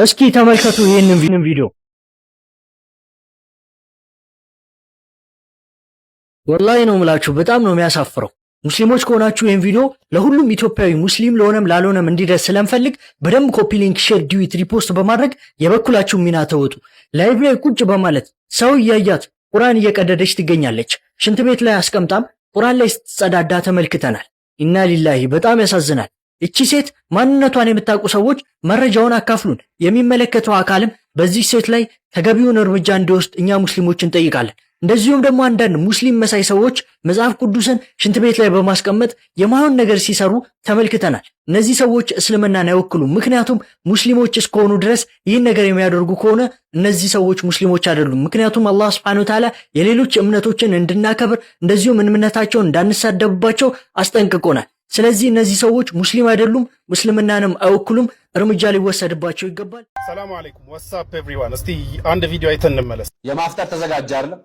እስኪ ተመልከቱ ይህንን ቪዲዮ። ወላሂ ነው የምላችሁ፣ በጣም ነው የሚያሳፍረው። ሙስሊሞች ከሆናችሁ ይህን ቪዲዮ ለሁሉም ኢትዮጵያዊ ሙስሊም ለሆነም ላልሆነም እንዲደርስ ስለምፈልግ በደንብ ኮፒ ሊንክ፣ ሼር፣ ዲዊት፣ ሪፖስት በማድረግ የበኩላችሁ ሚና ተወጡ። ላይቭ ላይ ቁጭ በማለት ሰው እያያት ቁርአን እየቀደደች ትገኛለች። ሽንት ቤት ላይ አስቀምጣም ቁርአን ላይ ስትጸዳዳ ተመልክተናል። ኢና ሊላሂ በጣም ያሳዝናል። እቺ ሴት ማንነቷን የምታውቁ ሰዎች መረጃውን አካፍሉን። የሚመለከተው አካልም በዚህ ሴት ላይ ተገቢውን እርምጃ እንዲወስድ እኛ ሙስሊሞች እንጠይቃለን። እንደዚሁም ደግሞ አንዳንድ ሙስሊም መሳይ ሰዎች መጽሐፍ ቅዱስን ሽንት ቤት ላይ በማስቀመጥ የማይሆን ነገር ሲሰሩ ተመልክተናል። እነዚህ ሰዎች እስልምናን አይወክሉም። ምክንያቱም ሙስሊሞች እስከሆኑ ድረስ ይህን ነገር የሚያደርጉ ከሆነ እነዚህ ሰዎች ሙስሊሞች አይደሉም። ምክንያቱም አላህ ሱብሐነሁ ወተዓላ የሌሎች እምነቶችን እንድናከብር እንደዚሁም እምነታቸውን እንዳንሳደብባቸው አስጠንቅቆናል። ስለዚህ እነዚህ ሰዎች ሙስሊም አይደሉም፣ ሙስልምናንም አይወክሉም፣ እርምጃ ሊወሰድባቸው ይገባል። ሰላም አለይኩም ዋትሳፕ ኤቭሪዋን። እስቲ አንድ ቪዲዮ አይተን እንመለስ። የማፍጠር ተዘጋጀ አይደለም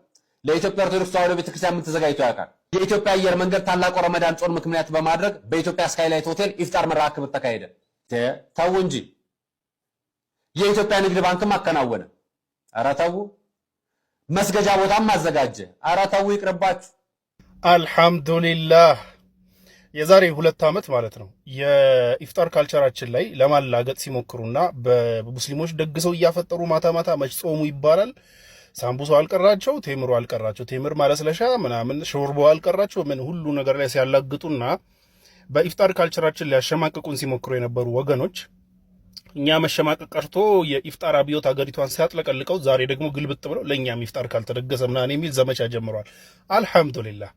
ለኢትዮጵያ ኦርቶዶክስ ተዋሕዶ ቤተክርስቲያን ምን ተዘጋጅቶ ያውቃል? የኢትዮጵያ አየር መንገድ ታላቁ ረመዳን ጾም ምክንያት በማድረግ በኢትዮጵያ ስካይላይት ሆቴል ኢፍጣር መርሃ ተካሄደ። ተው እንጂ የኢትዮጵያ ንግድ ባንክም አከናወነ። ኧረ ተው። መስገጃ ቦታም አዘጋጀ። ኧረ ተው ይቅርባችሁ። አልሐምዱሊላህ የዛሬ ሁለት ዓመት ማለት ነው የኢፍጣር ካልቸራችን ላይ ለማላገጥ ሲሞክሩና በሙስሊሞች ደግሰው እያፈጠሩ ማታ ማታ መች ጾሙ ይባላል። ሳምቡሶ አልቀራቸው፣ ቴምሮ አልቀራቸው፣ ቴምር ማለስለሻ ምናምን ሾርቦ አልቀራቸው፣ ምን ሁሉ ነገር ላይ ሲያላግጡና በኢፍጣር ካልቸራችን ሊያሸማቅቁን ሲሞክሩ የነበሩ ወገኖች እኛ መሸማቀቅ ቀርቶ የኢፍጣር አብዮት አገሪቷን ሲያጥለቀልቀው ዛሬ ደግሞ ግልብጥ ብለው ለእኛም ኢፍጣር ካልተደገሰ ምናምን የሚል ዘመቻ ጀምሯል። አልሐምዱሊላህ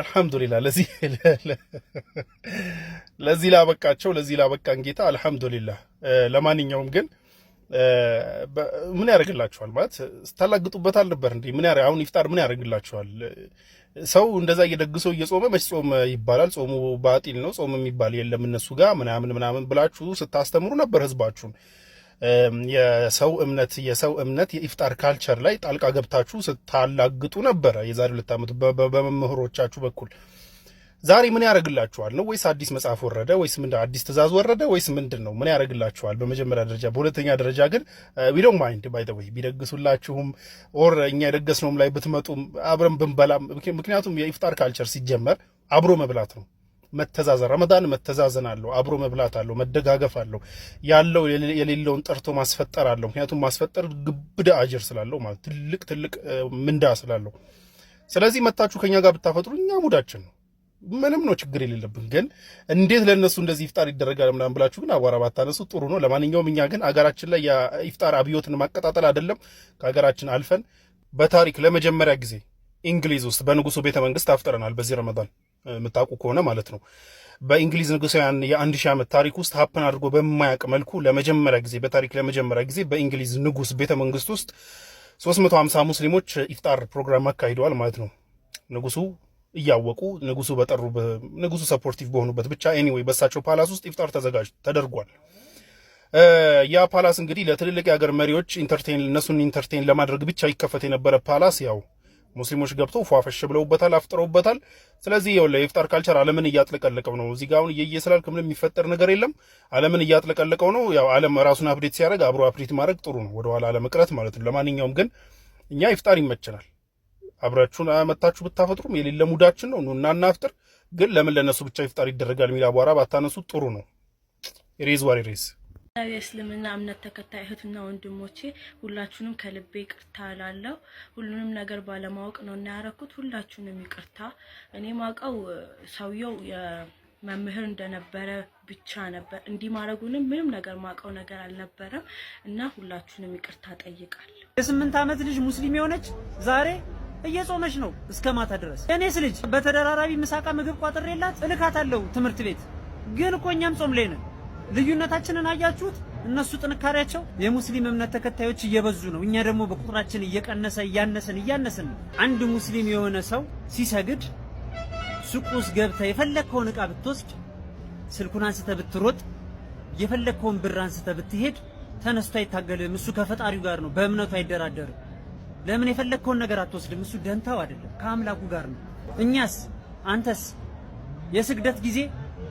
አልሐምዱሊላ ለዚህ ለዚህ ላበቃቸው ለዚህ ላበቃን ጌታ አልሐምዱሊላ። ለማንኛውም ግን ምን ያደርግላችኋል ማለት ስታላግጡበታል ነበር እንዴ? ምን አሁን ይፍጣር ምን ያደርግላችኋል? ሰው እንደዛ እየደግሰው እየጾመ መች ጾም ይባላል? ጾሙ ባጢል ነው፣ ጾም የሚባል የለም እነሱ ጋር ምናምን ምናምን ብላችሁ ስታስተምሩ ነበር ህዝባችሁን። የሰው እምነት የሰው እምነት የኢፍጣር ካልቸር ላይ ጣልቃ ገብታችሁ ስታላግጡ ነበረ የዛሬ ሁለት ዓመት በመምህሮቻችሁ በኩል። ዛሬ ምን ያደርግላችኋል ነው? ወይስ አዲስ መጽሐፍ ወረደ? ወይስ ምንድን አዲስ ትእዛዝ ወረደ? ወይስ ምንድን ነው? ምን ያደርግላችኋል? በመጀመሪያ ደረጃ በሁለተኛ ደረጃ ግን ዊዶን ማይንድ ባይ ዘ ወይ ቢደግሱላችሁም ኦር እኛ የደገስነውም ላይ ብትመጡም አብረን ብንበላም፣ ምክንያቱም የኢፍጣር ካልቸር ሲጀመር አብሮ መብላት ነው። መተዛዘን ረመዳን መተዛዘን አለው፣ አብሮ መብላት አለው፣ መደጋገፍ አለው፣ ያለው የሌለውን ጠርቶ ማስፈጠር አለው። ምክንያቱም ማስፈጠር ግብደ አጅር ስላለው ማለት ትልቅ ትልቅ ምንዳ ስላለው ስለዚህ መታችሁ ከኛ ጋር ብታፈጥሩ እኛ ሙዳችን ነው። ምንም ነው ችግር የሌለብን። ግን እንዴት ለእነሱ እንደዚህ ኢፍጣር ይደረጋል ምናምን ብላችሁ ግን አቧራ ባታነሱ ጥሩ ነው። ለማንኛውም እኛ ግን አገራችን ላይ የኢፍጣር አብዮትን ማቀጣጠል አይደለም ከሀገራችን አልፈን በታሪክ ለመጀመሪያ ጊዜ እንግሊዝ ውስጥ በንጉሱ ቤተ መንግስት አፍጥረናል በዚህ ረመዳን። የምታውቁ ከሆነ ማለት ነው። በእንግሊዝ ንጉሳውያን የአንድ ሺህ ዓመት ታሪክ ውስጥ ሀፕን አድርጎ በማያውቅ መልኩ ለመጀመሪያ ጊዜ በታሪክ ለመጀመሪያ ጊዜ በእንግሊዝ ንጉስ ቤተ መንግስት ውስጥ 350 ሙስሊሞች ኢፍጣር ፕሮግራም አካሂደዋል ማለት ነው። ንጉሱ እያወቁ ንጉሱ በጠሩ ንጉሱ ሰፖርቲቭ በሆኑበት ብቻ ኤኒዌይ በሳቸው ፓላስ ውስጥ ኢፍጣር ተዘጋጅ ተደርጓል። ያ ፓላስ እንግዲህ ለትልልቅ የሀገር መሪዎች ኢንተርቴን እነሱን ኢንተርቴን ለማድረግ ብቻ ይከፈት የነበረ ፓላስ ያው ሙስሊሞች ገብተው ፏፈሽ ብለውበታል፣ አፍጥረውበታል። ስለዚህ ይኸውልህ የኢፍጣር ካልቸር ዓለምን እያጥለቀለቀው ነው። እዚህ ጋር አሁን እየየስላልክ ምንም የሚፈጠር ነገር የለም። ዓለምን እያጥለቀለቀው ነው። ያው ዓለም ራሱን አፕዴት ሲያደርግ አብሮ አፕዴት ማድረግ ጥሩ ነው፣ ወደኋላ አለመቅረት ማለት ነው። ለማንኛውም ግን እኛ ኢፍጣር ይመቸናል። አብራችሁን መታችሁ ብታፈጥሩም የሌለ ሙዳችን ነው። ኑና እናፍጥር። ግን ለምን ለእነሱ ብቻ ኢፍጣር ይደረጋል የሚል አቧራ ባታነሱ ጥሩ ነው። ሬዝ ዋሪ ሬዝ የእስልምና እምነት ተከታይ እህትና ወንድሞቼ ሁላችሁንም ከልቤ ይቅርታ እላለሁ። ሁሉንም ነገር ባለማወቅ ነው እና ያረኩት። ሁላችሁንም ይቅርታ። እኔ ማውቀው ሰውየው መምህር እንደነበረ ብቻ ነበር። እንዲህ ማድረጉንም ምንም ነገር ማውቀው ነገር አልነበረም እና ሁላችሁንም ይቅርታ ጠይቃል። የስምንት ዓመት ልጅ ሙስሊም የሆነች ዛሬ እየጾመች ነው እስከ ማታ ድረስ። የእኔስ ልጅ በተደራራቢ ምሳቃ ምግብ ቋጥሬላት እልካታለሁ ትምህርት ቤት። ግን እኮ እኛም ጾም ላይ ነን ልዩነታችንን አያችሁት? እነሱ ጥንካሬያቸው የሙስሊም እምነት ተከታዮች እየበዙ ነው። እኛ ደግሞ በቁጥራችን እየቀነሰ እያነሰን እያነሰን ነው። አንድ ሙስሊም የሆነ ሰው ሲሰግድ ሱቅ ውስጥ ገብተህ የፈለግከውን እቃ ብትወስድ፣ ስልኩን አንስተህ ብትሮጥ፣ የፈለግከውን ብር አንስተህ ብትሄድ ተነስቶ አይታገልም። እሱ ከፈጣሪው ጋር ነው፣ በእምነቱ አይደራደርም። ለምን የፈለግከውን ነገር አትወስድም? እሱ ደንታው አይደለም፣ ከአምላኩ ጋር ነው። እኛስ አንተስ የስግደት ጊዜ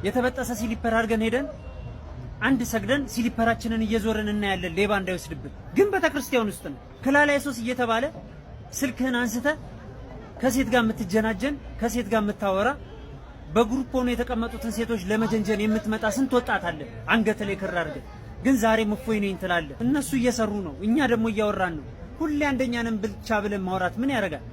የተበጠሰ ሲሊፐር አድርገን ሄደን አንድ ሰግደን ሲሊፐራችንን እየዞረን እናያለን፣ ሌባ እንዳይወስድብን። ግን ቤተክርስቲያን ውስጥ ነው ክላላ ኢየሱስ እየተባለ ስልክህን አንስተ ከሴት ጋር የምትጀናጀን ከሴት ጋር የምታወራ በግሩፕ ሆኖ የተቀመጡትን ሴቶች ለመጀንጀን የምትመጣ ስንት ወጣት አለ አንገት ላይ ክር አድርገን። ግን ዛሬ እፎይ ነኝ ትላለህ። እነሱ እየሰሩ ነው፣ እኛ ደግሞ እያወራን ነው። ሁሌ አንደኛንም ብቻ ብለን ማውራት ምን ያደርጋል?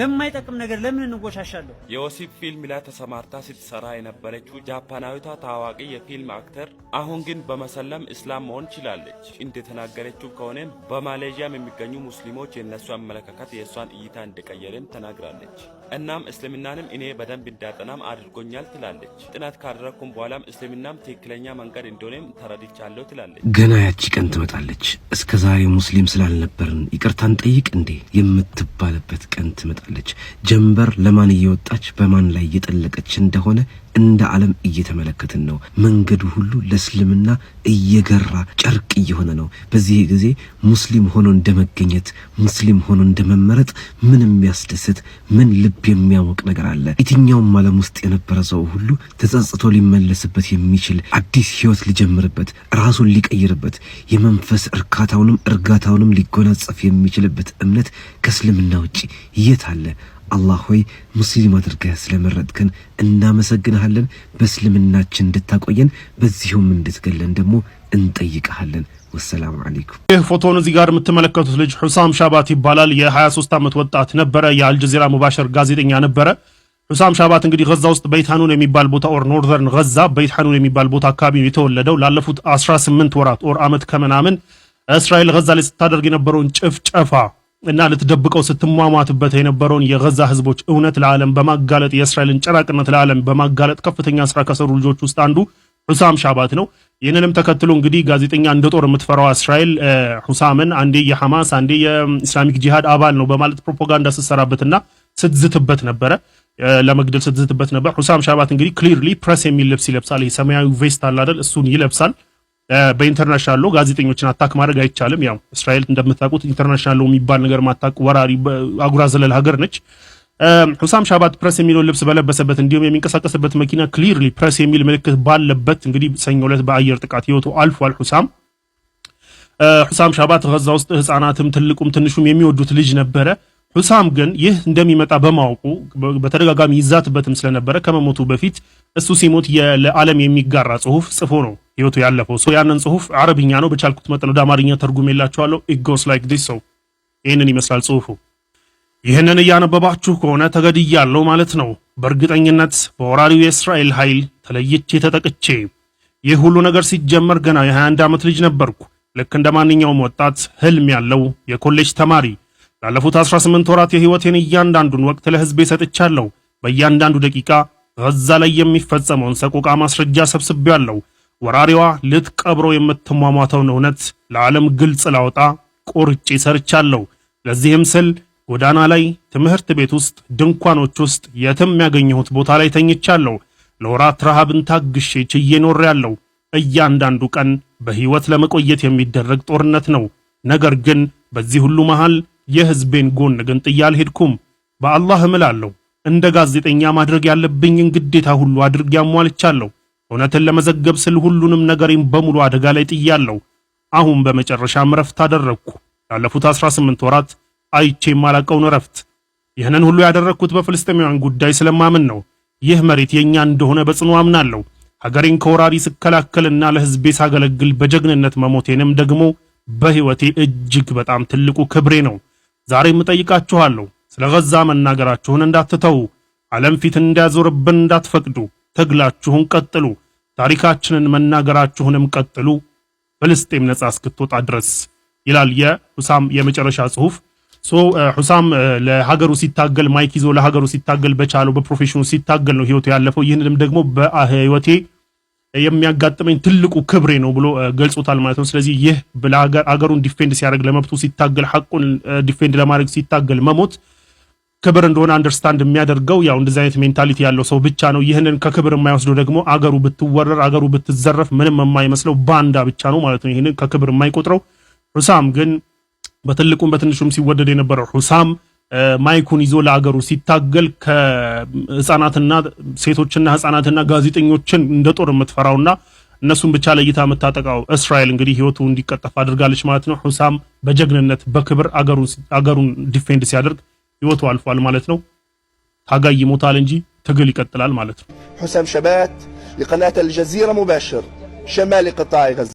ለማይጠቅም ነገር ለምን እንጎሻሻለሁ? የወሲብ ፊልም ላይ ተሰማርታ ስትሰራ የነበረችው ጃፓናዊቷ ታዋቂ የፊልም አክተር አሁን ግን በመሰለም እስላም መሆን ችላለች። እንደተናገረችው ከሆነ በማሌዥያም የሚገኙ ሙስሊሞች የእነሱ አመለካከት የእሷን እይታ እንደቀየረም ተናግራለች። እናም እስልምናንም እኔ በደንብ እንዳጠናም አድርጎኛል ትላለች። ጥናት ካደረግኩም በኋላም እስልምናም ትክክለኛ መንገድ እንደሆነም ተረድቻለሁ ትላለች። ገና ያቺ ቀን ትመጣለች። እስከ ዛሬ ሙስሊም ስላልነበርን ይቅርታን ጠይቅ እንዴ የምትባልበት ቀን ትመጣለች። ጀንበር ለማን እየወጣች በማን ላይ እየጠለቀች እንደሆነ እንደ ዓለም እየተመለከትን ነው። መንገዱ ሁሉ ለእስልምና እየገራ ጨርቅ እየሆነ ነው። በዚህ ጊዜ ሙስሊም ሆኖ እንደመገኘት ሙስሊም ሆኖ እንደመመረጥ ምን የሚያስደስት ምን ልብ የሚያሞቅ ነገር አለ? የትኛውም ዓለም ውስጥ የነበረ ሰው ሁሉ ተጸጽቶ ሊመለስበት የሚችል አዲስ ህይወት ሊጀምርበት፣ ራሱን ሊቀይርበት፣ የመንፈስ እርካታውንም እርጋታውንም ሊጎናጸፍ የሚችልበት እምነት ከእስልምና ውጭ የት አለ? አላህ ሆይ ሙስሊም አድርገህ ስለመረጥከን እናመሰግንሃለን። በእስልምናችን እንድታቆየን በዚሁም እንድትገለን ደግሞ እንጠይቀሃለን። ወሰላሙ አለይኩም። ይህ ፎቶውን እዚህ ጋር የምትመለከቱት ልጅ ሑሳም ሻባት ይባላል። የ23 ዓመት ወጣት ነበረ። የአልጀዚራ ሙባሸር ጋዜጠኛ ነበረ። ሑሳም ሻባት እንግዲህ ገዛ ውስጥ ቤት ሐኑን የሚባል ቦታ ኦር ኖርዘርን ገዛ ቤት ሐኑን የሚባል ቦታ አካባቢ የተወለደው ላለፉት 18 ወራት ኦር ዓመት ከምናምን እስራኤል ገዛ ላይ ስታደርግ የነበረውን ጭፍጨፋ እና ልትደብቀው ስትሟሟትበት የነበረውን የገዛ ህዝቦች እውነት ለዓለም በማጋለጥ የእስራኤልን ጨራቅነት ለዓለም በማጋለጥ ከፍተኛ ስራ ከሰሩ ልጆች ውስጥ አንዱ ሁሳም ሻባት ነው። ይህንንም ተከትሎ እንግዲህ ጋዜጠኛ እንደ ጦር የምትፈራው እስራኤል ሁሳምን አንዴ የሐማስ አንዴ የኢስላሚክ ጂሃድ አባል ነው በማለት ፕሮፓጋንዳ ስትሰራበትና ስትዝትበት ነበረ፣ ለመግደል ስትዝትበት ነበር። ሁሳም ሻባት እንግዲህ ክሊርሊ ፕሬስ የሚል ልብስ ይለብሳል። ሰማያዊ ቬስት አለ አይደል? እሱን ይለብሳል። በኢንተርናሽናል ሎ ጋዜጠኞችን አታክ ማድረግ አይቻልም። ያው እስራኤል እንደምታውቁት ኢንተርናሽናል ሎ የሚባል ነገር ማታቅ ወራሪ አጉራ ዘለል ሀገር ነች። ሁሳም ሻባት ፕሬስ የሚለውን ልብስ በለበሰበት እንዲሁም የሚንቀሳቀስበት መኪና ክሊርሊ ፕሬስ የሚል ምልክት ባለበት እንግዲህ ሰኞ ዕለት በአየር ጥቃት ህይወቱ አልፏል። ሁሳም ሁሳም ሻባት ጋዛ ውስጥ ህፃናትም ትልቁም ትንሹም የሚወዱት ልጅ ነበረ። ሁሳም ግን ይህ እንደሚመጣ በማወቁ በተደጋጋሚ ይዛትበትም ስለነበረ ከመሞቱ በፊት እሱ ሲሞት ለዓለም የሚጋራ ጽሁፍ ጽፎ ነው ህይወቱ ያለፈው ሰው ያንን ጽሁፍ አረብኛ ነው፣ በቻልኩት መጠን ወደ አማርኛ ተርጉም የላችኋለሁ። ኢት ጎስ ላይክ ዲስ ሰው ይህንን ይመስላል ጽሁፉ። ይህንን እያነበባችሁ ከሆነ ተገድያለሁ ማለት ነው። በእርግጠኝነት በወራሪው የእስራኤል ኃይል ተለይቼ ተጠቅቼ። ይህ ሁሉ ነገር ሲጀመር ገና የ21 ዓመት ልጅ ነበርኩ። ልክ እንደ ማንኛውም ወጣት ህልም ያለው የኮሌጅ ተማሪ ላለፉት 18 ወራት የህይወቴን እያንዳንዱን ወቅት ለህዝቤ ሰጥቻለሁ። በእያንዳንዱ ደቂቃ በዛ ላይ የሚፈጸመውን ሰቆቃ ማስረጃ ሰብስቤያለሁ። ወራሪዋ ልትቀብረው የምትሟሟተውን እውነት ለዓለም ግልጽ ላውጣ ቆርጬ ሰርቻለሁ። ለዚህም ስል ጎዳና ላይ፣ ትምህርት ቤት ውስጥ፣ ድንኳኖች ውስጥ፣ የትም ያገኘሁት ቦታ ላይ ተኝቻለሁ። ለወራት ረሃብን ታግሼ ችዬ ኖሬያለሁ። እያንዳንዱ ቀን በሕይወት ለመቆየት የሚደረግ ጦርነት ነው። ነገር ግን በዚህ ሁሉ መሃል የሕዝቤን ጎን ግን ጥዬ አልሄድኩም። በአላህ እምላለሁ እንደ ጋዜጠኛ ማድረግ ያለብኝን ግዴታ ሁሉ አድርጌ አሟልቻለሁ። እውነትን ለመዘገብ ስል ሁሉንም ነገሬን በሙሉ አደጋ ላይ ጥያለሁ። አሁን በመጨረሻም እረፍት አደረግኩ። ላለፉት 18 ወራት አይቼ የማላቀውን እረፍት። ይህንን ሁሉ ያደረግኩት በፍልስጤማውያን ጉዳይ ስለማምን ነው። ይህ መሬት የእኛ እንደሆነ በጽኑ አምናለሁ። ሀገሬን ከወራሪ ስከላከልና ለሕዝቤ ሳገለግል በጀግንነት መሞቴንም ደግሞ በሕይወቴ እጅግ በጣም ትልቁ ክብሬ ነው። ዛሬም እጠይቃችኋለሁ፣ ስለ ገዛ መናገራችሁን እንዳትተዉ፣ ዓለም ፊት እንዲያዞርብን እንዳትፈቅዱ፣ ትግላችሁን ቀጥሉ። ታሪካችንን መናገራችሁንም ቀጥሉ ፍልስጤም ነጻ እስክትወጣ ድረስ ይላል የሁሳም የመጨረሻ ጽሁፍ። ሶ ሁሳም ለሀገሩ ሲታገል ማይክ ይዞ ለሀገሩ ሲታገል በቻለው በፕሮፌሽኑ ሲታገል ነው ህይወቱ ያለፈው። ይህንንም ደግሞ በህይወቴ የሚያጋጥመኝ ትልቁ ክብሬ ነው ብሎ ገልጾታል ማለት ነው። ስለዚህ ይህ ሀገሩን ዲፌንድ ሲያደርግ ለመብቱ ሲታገል ሐቁን ዲፌንድ ለማድረግ ሲታገል መሞት ክብር እንደሆነ አንደርስታንድ የሚያደርገው ያው እንደዚህ አይነት ሜንታሊቲ ያለው ሰው ብቻ ነው። ይህንን ከክብር የማይወስደው ደግሞ አገሩ ብትወረር አገሩ ብትዘረፍ ምንም የማይመስለው ባንዳ ብቻ ነው ማለት ነው። ይህንን ከክብር የማይቆጥረው ሁሳም ግን በትልቁም በትንሹም ሲወደድ የነበረው ሁሳም ማይኩን ይዞ ለአገሩ ሲታገል ከህፃናትና ሴቶችና ህፃናትና ጋዜጠኞችን እንደ ጦር የምትፈራውና እነሱን ብቻ ለይታ የምታጠቃው እስራኤል እንግዲህ ህይወቱ እንዲቀጠፍ አድርጋለች ማለት ነው። ሁሳም በጀግንነት በክብር አገሩን ዲፌንድ ሲያደርግ ህይወቱ አልፏል ማለት ነው። ታጋይ ይሞታል እንጂ ትግል ይቀጥላል ማለት ነው። ሁሰም ሸባት ለቀናት አልጀዚራ ሙባሽር ሸማሊ ቅጣዕ ጋዛ